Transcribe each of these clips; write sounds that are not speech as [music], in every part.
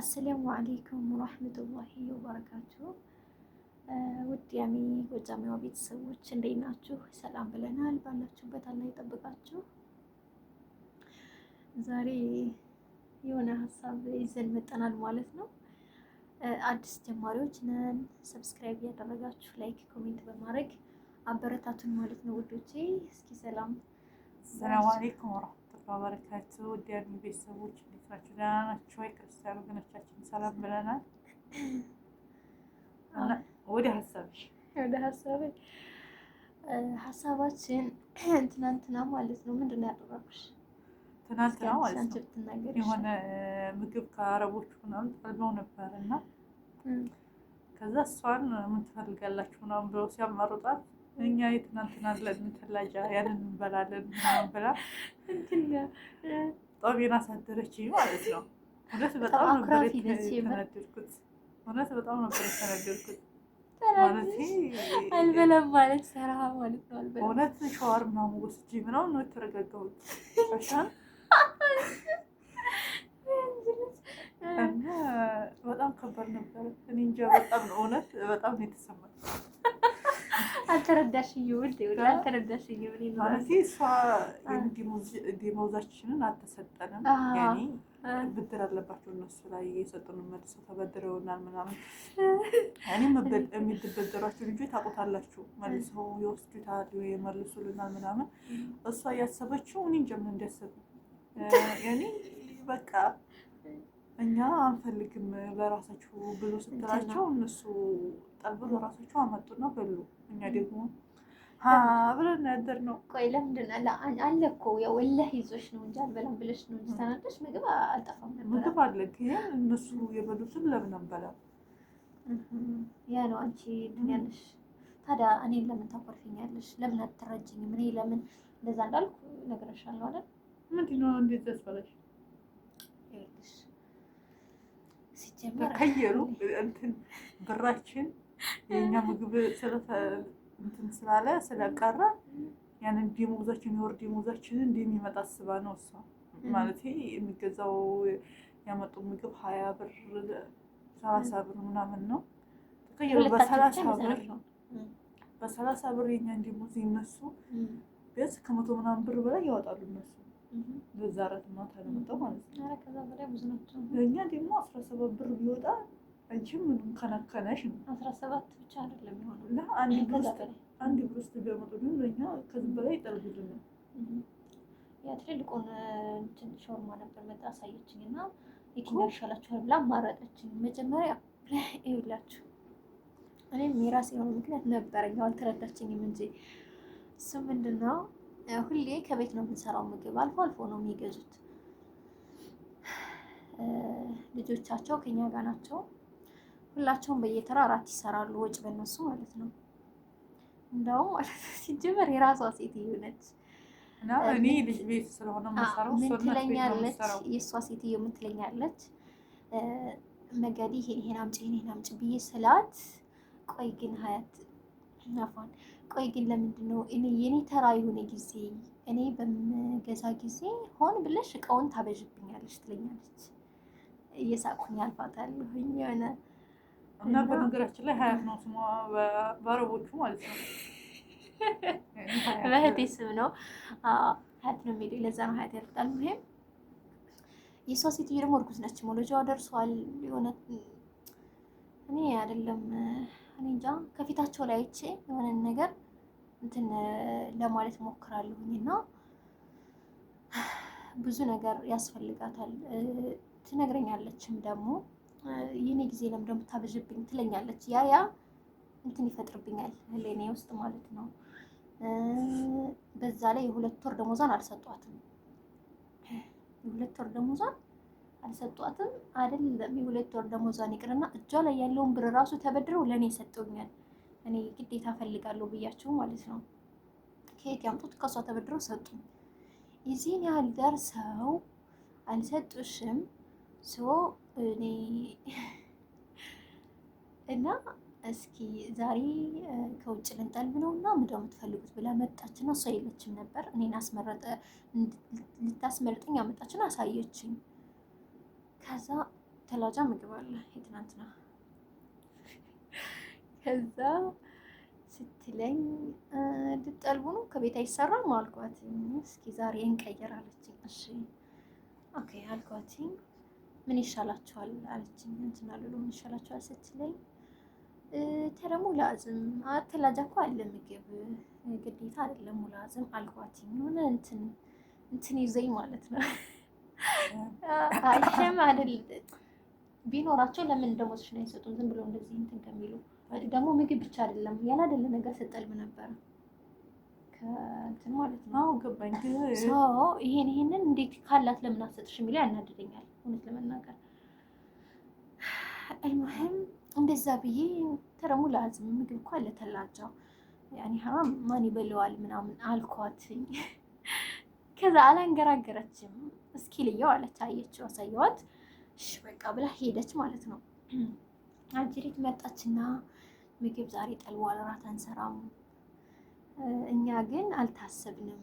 አሰላሙ አሌይኩም ወራህመቱላሂ ወበረካቱ። ውድ ያሚ ጎጃሚዋ ቤተሰቦች እንዴት ናችሁ? ሰላም ብለናል። ባላችሁበት አላህ ይጠብቃችሁ። ዛሬ የሆነ ሀሳብ ይዘን መጠናል ማለት ነው። አዲስ ጀማሪዎች ነን። ሰብስክራይብ እያደረጋችሁ ላይክ፣ ኮሜንት በማድረግ አበረታቱን ማለት ነው ውዶቼ። እስኪ ሰላም። ሰላም አሌይኩም ወረሕመቱላሂ ወበረካቱ ውድ ቤተሰቦች እንዴት ናችሁ? ደህና ናችሁ ወይ? ክርስቲያን ወገኖቻችን ሰላም ብለናል። ወደ ሀሳብሽ ወደ ሀሳቤ ሀሳባችን ትናንትና ማለት ነው ምንድን ነው ያደረኩሽ? ትናንትና ማለት ነው የሆነ ምግብ ከአረቦች ምናምን ጠልበው ነበር እና ከዛ እሷን ምን ትፈልጋላችሁ ምናምን ብለው ሲያማርጧት እኛ የትናንትና አለን ፈላጃ ያንን እንበላለን ምናምን ብላ ጦቤን አሳደረችኝ ማለት ነው። እውነት በጣም ነበር የተነደድኩት። እውነት በጣም ነበር የተነደድኩት። አልበላም ማለት ሰራ ማለት ነው። አልበላም እውነት ሸዋር ምናምን ወስጄ ምናምን ነው የተረጋጋሁት። ሻን በጣም ከባድ ነበር። እኔ እንጃ በጣም እውነት በጣም ነው የተሰማኝ አልተረዳሽኝም እሷ ዴሞዛችንን አልተሰጠንም። ብድር አለባቸው እነሱ ላይ የሰጡን መልሰው ተበድረውናል ምናምን። [laughs] ልጆች ታውቁታላችሁ፣ መልሰው የወስዱታል የመልሱልናል ምናምን። እሷ እያሰበችው እኔ እንዲያስብ በቃ እኛ አንፈልግም ለራሳችሁ ብሎ ስትላቸው እነሱ ይጣፍጣል ብሎ ራሳቸው አመጡና በሉ። እኛ ደግሞ ብለን ያደር ነው። ቆይ ለምንድን አለ እኮ ያው እልህ ይዞሽ ነው እንጂ አልበላም ብለሽ ነው እንጂ ተናደሽ ምግብ አልጠፋም ነበር። ምግብ አለ ግን እነሱ የበሉትን ለምን አንበላም? ያ ነው አንቺ እንትን ያለሽ። ታዲያ እኔን ለምን ታኮርፊኛለሽ? ለምን አትረጅኝም? እኔ ለምን እንደዛ እንዳልኩ እነግርሻለሁ አይደል? ምንድን ነው እንዴት ደስ ባለሽ ሲጀመር ከየሉ እንትን ብራችን የእኛ ምግብ እንትን ስላለ ስለቀረ ያንን ዲሞዛችን የወር ደሞዛችንን እንደሚመጣ አስባ ነው እሷ ማለት የሚገዛው ያመጡ ምግብ ሀያ ብር ሰላሳ ብር ምናምን ነው በሰላሳ ብር በሰላሳ ብር የኛን ደሞዝ ይነሱ ቢያንስ ከመቶ ምናምን ብር በላይ ያወጣሉ እነሱ በዛ አራት ማታ ነው መጣው ማለት ነው ለእኛ ደግሞ አስራ ሰባት ብር ቢወጣ አንቺም ምንም ከነከነሽ ነው። አስራ ሰባት ብቻ አይደለም የሆነው እና አንድ ብር ውስጥ ቢያመጡ ግን ለኛ ከዚህ በላይ ይጠርጉልን ነው። ያ ትልልቁን እንትን ሾርማ ነበር መጣ አሳየችኝ እና የትኛው ይሻላችኋል ብላ ማረጠችኝ። መጀመሪያ [laughs] ይኸውላችሁ እኔም የራሴ የሆነ ምክንያት ነበረኝ፣ አልተረዳችኝም እንጂ እሱ ምንድን ነው ሁሌ ከቤት ነው የምንሰራው ምግብ አልፎ አልፎ ነው የሚገዙት ልጆቻቸው ከኛ ጋር ናቸው። ሁላቸውም በየተራ አራት ይሰራሉ፣ ወጭ በነሱ ማለት ነው። እንደውም ማለት ሲጀመር የራሷ ሴትዮ ነች። ምን ትለኛለች? የእሷ ሴትዮ ምን ትለኛለች? መገዲ ይሄን ይሄን አምጪ ይሄን አምጪ ብዬ ስላት፣ ቆይ ግን ሀያት ናፋን ቆይ ግን ለምንድን ነው እኔ የኔ ተራ የሆነ ጊዜ እኔ በምገዛ ጊዜ ሆን ብለሽ እቃውን ታበዥብኛለች ትለኛለች። እየሳቁኝ አልፋታለሁኝ የሆነ እና በነገራችን ላይ ሀያት ነው ስሟ በአረቦቹ ማለት ነው። [laughs] በህቴ ስም ነው ሀያት ነው የሚሉኝ። ለዛ ነው ሀያት ያልኩታል። ይሄም የእሷ ሴትዮ ደግሞ እርጉዝ ነች። ሞሎጃዋ ደርሷል። የሆነ እኔ አይደለም እኔ እንጃ ከፊታቸው ላይ አይቼ የሆነን ነገር እንትን ለማለት ሞክራለሁኝ እና ብዙ ነገር ያስፈልጋታል። ትነግረኛለችም ደግሞ የኔ ጊዜ ደግሞ ታበዥብኝ ትለኛለች። ያ ያ እንትን ይፈጥርብኛል ህሌኔ ውስጥ ማለት ነው። በዛ ላይ የሁለት ወር ደሞዛን አልሰጧትም። የሁለት ወር ደሞዛን አልሰጧትም አይደለም። የሁለት ወር ደሞዛን ይቅርና እጇ ላይ ያለውን ብር ራሱ ተበድረው ለእኔ ሰጠውኛል። እኔ ግዴታ ፈልጋለሁ ብያቸው ማለት ነው። ከየት ያምጡት? ከእሷ ተበድረው ሰጡኝ። የዚህን ያህል ደርሰው አልሰጡሽም ሶ እኔ [laughs] እና እስኪ ዛሬ ከውጭ ልንጠልብ ነው እና ምንድነው የምትፈልጉት ብላ መጣችና እሷ የለችም ነበር። እኔን አስመረጠ ልታስመርጠኝ ያመጣችን አሳየችኝ። ከዛ ተላጃ ምግብ አለ የትናንትና [laughs] ከዛ ስትለኝ ልጠልቡ ነው ከቤት አይሰራም አልኳትኝ። እስኪ ዛሬ እንቀየር አለችኝ። እሺ ኦኬ አልኳትኝ። ምን ይሻላችኋል አለችኝ። እንትን አሉ ምን ይሻላችኋል ስትለኝ ተረሙ ላዝም አተላጃ እኮ አለ ምግብ ግዴታ አይደለም ሙላዝም አልኳት። የሆነ እንትን እንትን ይዘኝ ማለት ነው። [laughs] አይሸም አይደል ቢኖራቸው ለምን ነው አይሰጡም? ዝም ብሎ እንደዚህ እንትን ከሚሉ ደግሞ ምግብ ብቻ አይደለም ያላደለ ነገር ስጠልም ነበር ከእንትን ማለት ነው። ገባኝ። ይሄን ይሄንን እንዴት ካላት ለምን አትሰጥሽ የሚለው ያናድደኛል። እውነት ለመናገር አልሙሂም እንደዛ ብዬ ተረሙ ለአዝም ምግብ እኮ አለ ተላጃው ያኔ ሀራም ማን ይበለዋል ምናምን አልኳትኝ። ከዛ አላንገራገረችም። እስኪ ልየው አለች። አየችው፣ አሳየዋት። እሺ በቃ ብላ ሄደች ማለት ነው። አጅሪት መጣችና ምግብ ዛሬ ጠልቧል፣ እራት አንሰራም፣ እኛ ግን አልታሰብንም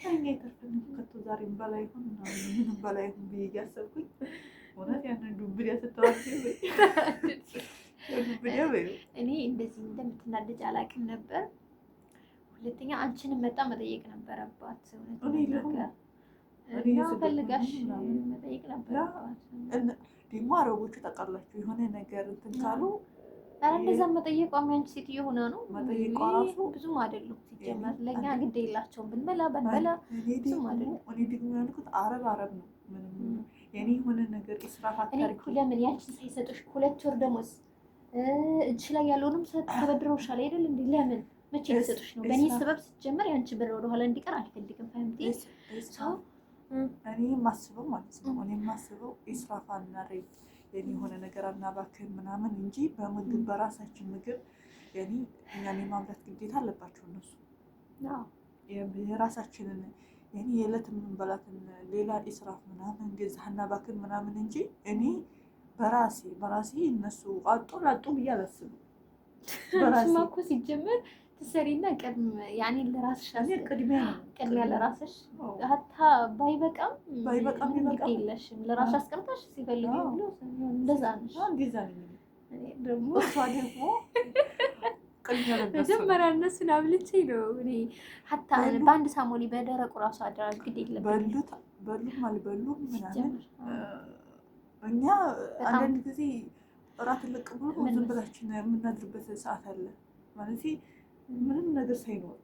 ከኛ ይተርፈን ከቶ ዛሬም በላይ ይሁን ምንም በላይ ይሁን ብዬ እያሰብኩኝ እውነት ያንን ዱብዳ ስተዋል ዱብዳ በይ እኔ እንደዚህ እንደምትናደጅ አላውቅም ነበር። ሁለተኛ አንቺንም መጣ መጠየቅ ነበረባት። ፈልጋሽ መጠየቅ ነበረባት። ደግሞ አረቦቹ ታውቃላችሁ የሆነ ነገር እንትን ካሉ አረ እንደዛ መጠየቅ ቋሚ አንቺ ሴትዮ ሆነ ነው መጠየቅ ራሱ ብዙም አይደለም። ሲጀመር ለእኛ ግድ የላቸውም ብንበላ በንበላ ብዙም አይደለም። እኔ ደግሞ ያልኩት አረብ አረብ ነው። የኔ የሆነ ነገር ስራት ለምን ያንቺን ሳይሰጥሽ ሁለት ወር ደሞዝ እጅሽ ላይ ያለውንም ተበድረውሻል አይደል እንዴ? ለምን መቼ ሊሰጡሽ ነው? በእኔ ሰበብ ስትጀመር ያንቺ ብር ወደኋላ እንዲቀር አልፈልግም። ፈምቴ ሰው እኔ የማስበው ማለት ነው እኔ የማስበው ኢስራፋ እና የሆነ ነገር አናባክን ምናምን እንጂ በምግብ በራሳችን ምግብ እኛን የማምረት ግዴታ አለባቸው እነሱ። የራሳችንን የዕለት የምንበላትን ሌላ ኢስራፍ ምናምን ገዛህ አናባክን ምናምን እንጂ እኔ በራሴ በራሴ እነሱ አጡ ላጡ ብዬ አላስብም። በራሴ ሲጀምር ትሰሪና ቅድም ያኔ ለራስሽ ቅድሚያ ቅድሚያ ለራስሽ ሀታ ባይበቃም ባይበቃም የለሽም ለራስሽ አስቀምጣሽ ሲፈልግ ብሎ እንደዛ ነሽ። ደግሞ እሷ ደግሞ መጀመሪያ እነሱን አብልቼ ነው እኔ ሀታ በአንድ ሳሞኒ በደረቁ ራሱ አደራል ግድ የለም በሉት በሉም አልበሉም ምናምን እኛ አንዳንድ ጊዜ እራት ልቅ ብሎ ዝም ብላችን የምናድርበት ሰዓት አለ ማለት ምንም ነገር ሳይኖር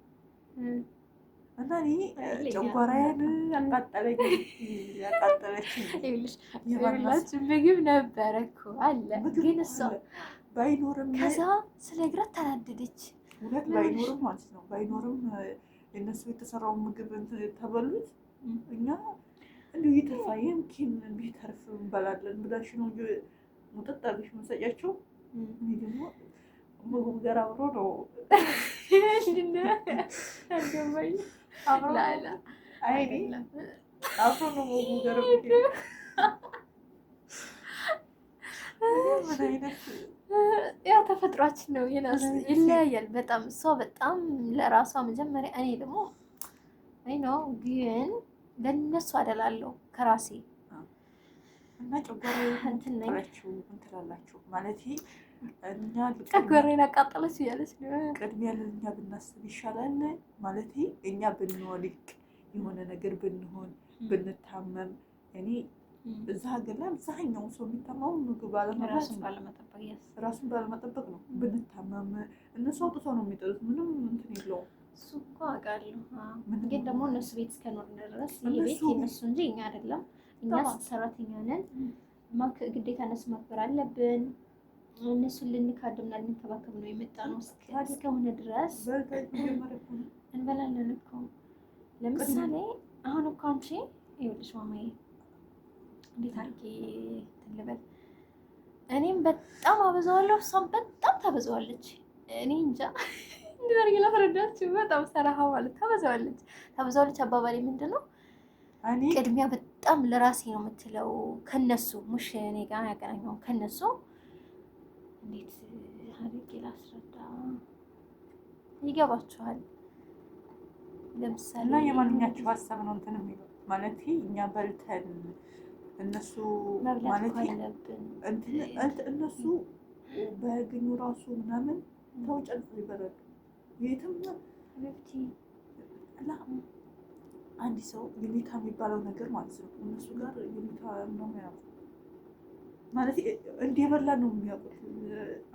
እና እኔ ጨጓራዬን ያቃጠለኝ ያቃጠለች ምግብ ነበረ እኮ አለ፣ ግን እሷ ባይኖርም ከዛ ስለ እግራት ተናደደች። እውነት ባይኖርም ማለት ነው ባይኖርም የእነሱ የተሰራው ምግብ ተበሉት። እኛ እንዲሁ ይተፋ ኪን ቢተርፍ እንበላለን ብላሽ ነው ሙጥጥ አድርገሽ መሰጫቸው ደግሞ ሙገር አብሮ ነው አልገባኝ። አብሮ ነው ሙገር ያ ተፈጥሯችን ነው ይለያያል። በጣም እሷ በጣም ለራሷ መጀመሪያ፣ እኔ ደግሞ አይ ነው ግን ለነሱ አደላለሁ ከራሴ እና ጨጓራ እንትን ነኝ እንትላላችሁ ማለት ጨጓራዬን አቃጠለች እያለች ቅድሚያ ለእኛ ብናስብ ይሻላል። ማለት እኛ ብንወድቅ የሆነ ነገር ብንሆን ብንታመም እኔ እዛ ሀገር ላይ አብዛኛው ሰው የሚታመሙ ምግብ ራሱን ባለመጠበቅ ነው። ብንታመም እነሱ አውጥተው ነው የሚጠሉት። ምንም እንትን የለውም። እሱ እኮ አውቃለሁ፣ ግን ደግሞ እነሱ ቤት እስከኖር ድረስ ይህ ቤት የእነሱ እንጂ እኛ አይደለም። እኛ ሰራተኛ ነን፣ ግዴታ እነሱ ማክበር አለብን። እነሱን ልንካድምና ልንከባከብ ነው የመጣ ነው። እስከሆነ ድረስ እንበላለን እኮ ለምሳሌ አሁን እኮ አንቺ ይኸውልሽ ማማዬ እንዴት አድርጌ ልበል፣ እኔም በጣም አበዛዋለሁ፣ እሷም በጣም ታበዛዋለች። እኔ እንጃ እንዴት አድርጌ ላስረዳችሁ። በጣም ሰራሃ ማለት ታበዛዋለች፣ ታበዛዋለች አባባሌ ምንድን ነው? ቅድሚያ በጣም ለራሴ ነው የምትለው ከነሱ ሙሽ እኔ ጋር ያገናኘው ከነሱ እንዴት አድርጌ ላስረዳ? ይገባችኋል? ለምሳሌ እና የማንኛቸው ሀሳብ ነው እንትን የሚለው ማለት እኛ በልተን እነሱ ማለት እነሱ በግኙ ራሱ ምናምን ተውጨን ይበላሉ። የትም አንድ ሰው የሚታ የሚባለው ነገር ማለት ነው እነሱ ጋር የሚታ ነው ያሉት ማለት እንደበላ ነው የሚያውቁት።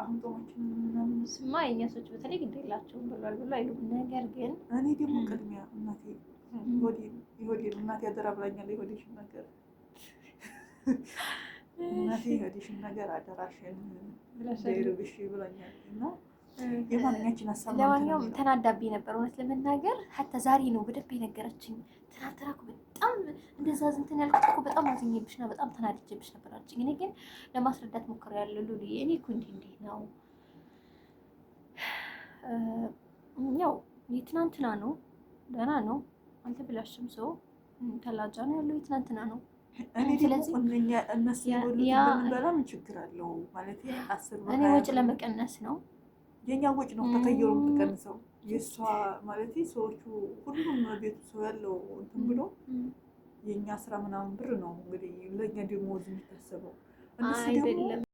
አሁን ጾማችን ምናምን ስማ የእኛ ሰዎች በተለይ ግድ የላቸውም ብሏል ብሎ አይሉም። ነገር ግን እኔ ደግሞ ቅድሚያ እናቴ ይሆዴን እናቴ አደራ ብላኛለች። ይሆዴሽን ነገር እናቴ ይሆዴሽን ነገር አደራሽን ይርብሽ ብላኛለች እና የማንኛችን ሀሳብ ለማንኛውም ተናዳቢ ነበር እውነት ለመናገር ሀታ ዛሬ ነው በደንብ የነገረችኝ። ትናንትና እኮ በጣም እንደዛ ዝንትን ያልኩት እኮ በጣም አዝኜብሽ እና በጣም ተናድጄብሽ ነበር አለችኝ። እኔ ግን ለማስረዳት ሞክሬያለሁ ሉልዬ፣ እኔ እኮ እንዲህ እንዲህ ነው [sighs] ያው የትናንትና ነው ደህና ነው አንተ ብላሽም ሰው ተላጃ ነው ያለው የትናንትና ነው። ችግር አለው ማለት እኔ ወጪ ለመቀነስ ነው የኛ ወጪ ነው ተከየሩ የምትቀንሰው የእሷ ማለት ሰዎቹ ሁሉም ቤቱ ሰው ያለው እንትን ብሎ የእኛ ስራ ምናምን ብር ነው እንግዲህ ለእኛ ደሞዝ የሚታሰበው አይደለም።